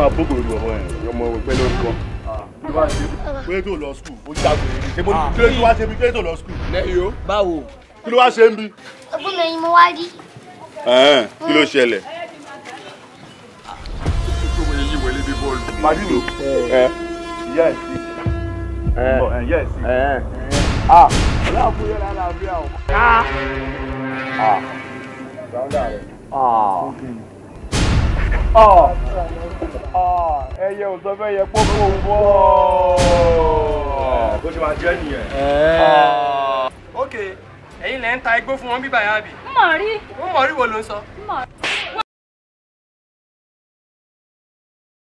máa bó gbòòrò ọmọ ẹ̀ ọmọ òpẹ́ lórí kan. kílódé tó lọ skul ó jáde ah. ṣe mo kílódé tó wá ṣe mi kílódé tó lọ skul. lẹ́yìn o báwo. kí ló wá ṣe ń bi. ogún mi mo wá rí. kí ló ṣẹlẹ̀. màdìlò eh. ìyá ẹ̀ sí eh. Eh, ìyá ẹ̀ sí. Ah. ọlọ́run yóò rà láàbíà o. Ah. Ah, ẹyẹ ò sọ fẹ́ yẹ pé kò wọ́. Eh, bó ṣe máa jẹ́ nìyẹn. Eh. Ah. ok ẹ̀yin lẹ ń ta igbó fún wọn bíbáyà bì. mọ̀ rí. mọ̀ rí wo ló ń sọ. mọ̀ rí.